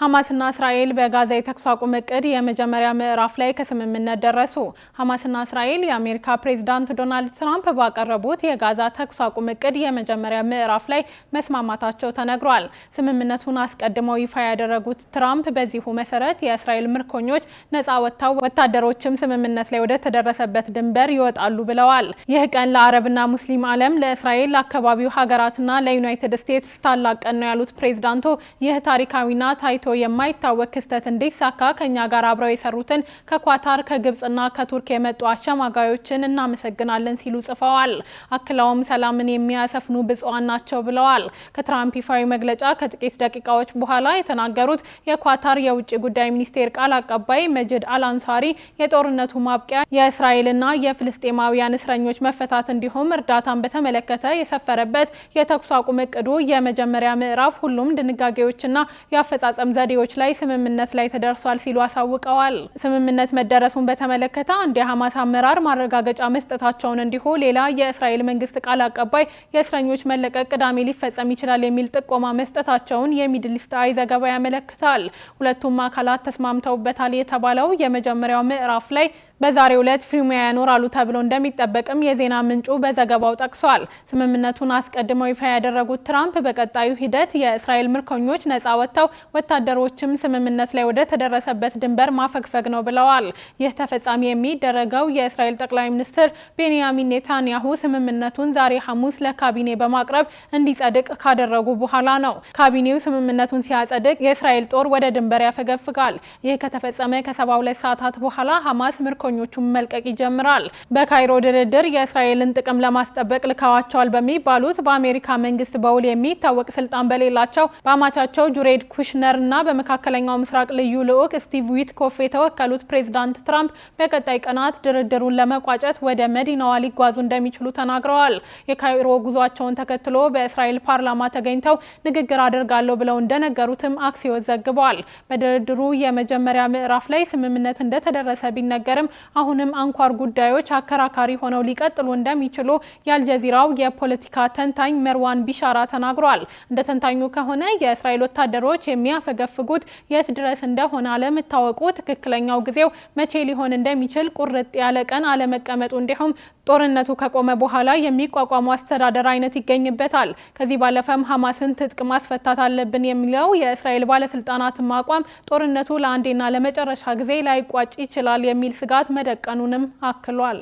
ሐማስና እስራኤል በጋዛ የተኩስ አቁም እቅድ የመጀመሪያ ምዕራፍ ላይ ከስምምነት ደረሱ። ሐማስና እስራኤል የአሜሪካ ፕሬዝዳንት ዶናልድ ትራምፕ ባቀረቡት የጋዛ ተኩስ አቁም እቅድ የመጀመሪያ ምዕራፍ ላይ መስማማታቸው ተነግሯል። ስምምነቱን አስቀድመው ይፋ ያደረጉት ትራምፕ በዚሁ መሰረት የእስራኤል ምርኮኞች ነፃ ወጥተው ወታደሮችም ስምምነት ላይ ወደ ተደረሰበት ድንበር ይወጣሉ ብለዋል። ይህ ቀን ለአረብና ሙስሊም ዓለም፣ ለእስራኤል፣ ለአካባቢው ሀገራትና ለዩናይትድ ስቴትስ ታላቅ ቀን ነው ያሉት ፕሬዝዳንቱ ይህ ታሪካዊና ታይቶ ታይቶ የማይታወቅ ክስተት እንዲሳካ ከኛ ጋር አብረው የሰሩትን ከኳታር ከግብጽና ከቱርክ የመጡ አሸማጋዮችን እናመሰግናለን ሲሉ ጽፈዋል። አክለውም ሰላምን የሚያሰፍኑ ብፁዓን ናቸው ብለዋል። ከትራምፕ ይፋዊ መግለጫ ከጥቂት ደቂቃዎች በኋላ የተናገሩት የኳታር የውጭ ጉዳይ ሚኒስቴር ቃል አቀባይ መጅድ አልአንሳሪ የጦርነቱ ማብቂያ የእስራኤልና የፍልስጤማውያን እስረኞች መፈታት እንዲሁም እርዳታን በተመለከተ የሰፈረበት የተኩስ አቁም እቅዱ የመጀመሪያ ምዕራፍ ሁሉም ድንጋጌዎችና የአፈጻጸም ዘዴዎች ላይ ስምምነት ላይ ተደርሷል ሲሉ አሳውቀዋል። ስምምነት መደረሱን በተመለከተ አንድ የሐማስ አመራር ማረጋገጫ መስጠታቸውን እንዲሁ ሌላ የእስራኤል መንግስት ቃል አቀባይ የእስረኞች መለቀቅ ቅዳሜ ሊፈጸም ይችላል የሚል ጥቆማ መስጠታቸውን የሚድል ኢስት አይ ዘገባ ያመለክታል። ሁለቱም አካላት ተስማምተውበታል የተባለው የመጀመሪያው ምዕራፍ ላይ በዛሬው ዕለት ፊርማ ያኖራሉ ተብሎ እንደሚጠበቅም የዜና ምንጩ በዘገባው ጠቅሷል። ስምምነቱን አስቀድመው ይፋ ያደረጉት ትራምፕ በቀጣዩ ሂደት የእስራኤል ምርኮኞች ነጻ ወጥተው ወታደሮችም ስምምነት ላይ ወደ ተደረሰበት ድንበር ማፈግፈግ ነው ብለዋል። ይህ ተፈጻሚ የሚደረገው የእስራኤል ጠቅላይ ሚኒስትር ቤንያሚን ኔታንያሁ ስምምነቱን ዛሬ ሐሙስ ለካቢኔ በማቅረብ እንዲጸድቅ ካደረጉ በኋላ ነው። ካቢኔው ስምምነቱን ሲያጸድቅ የእስራኤል ጦር ወደ ድንበር ያፈገፍጋል። ይህ ከተፈጸመ ከሰባ ሁለት ሰዓታት በኋላ ሐማስ ምርኮ ምርኮኞቹን መልቀቅ ይጀምራል። በካይሮ ድርድር የእስራኤልን ጥቅም ለማስጠበቅ ልካዋቸዋል በሚባሉት በአሜሪካ መንግስት በውል የሚታወቅ ስልጣን በሌላቸው በአማቻቸው ጁሬድ ኩሽነር እና በመካከለኛው ምስራቅ ልዩ ልዑክ ስቲቭ ዊትኮፍ የተወከሉት ፕሬዚዳንት ትራምፕ በቀጣይ ቀናት ድርድሩን ለመቋጨት ወደ መዲናዋ ሊጓዙ እንደሚችሉ ተናግረዋል። የካይሮ ጉዟቸውን ተከትሎ በእስራኤል ፓርላማ ተገኝተው ንግግር አድርጋለሁ ብለው እንደነገሩትም አክሲዮስ ዘግቧል። በድርድሩ የመጀመሪያ ምዕራፍ ላይ ስምምነት እንደተደረሰ ቢነገርም አሁንም አንኳር ጉዳዮች አከራካሪ ሆነው ሊቀጥሉ እንደሚችሉ የአልጀዚራው የፖለቲካ ተንታኝ መርዋን ቢሻራ ተናግሯል። እንደ ተንታኙ ከሆነ የእስራኤል ወታደሮች የሚያፈገፍጉት የት ድረስ እንደሆነ አለመታወቁ፣ ትክክለኛው ጊዜው መቼ ሊሆን እንደሚችል ቁርጥ ያለ ቀን አለመቀመጡ እንዲሁም ጦርነቱ ከቆመ በኋላ የሚቋቋሙ አስተዳደር አይነት ይገኝበታል። ከዚህ ባለፈም ሀማስን ትጥቅ ማስፈታት አለብን የሚለው የእስራኤል ባለስልጣናት አቋም ጦርነቱ ለአንዴና ለመጨረሻ ጊዜ ላይቋጭ ይችላል የሚል ስጋት መደቀኑንም አክሏል።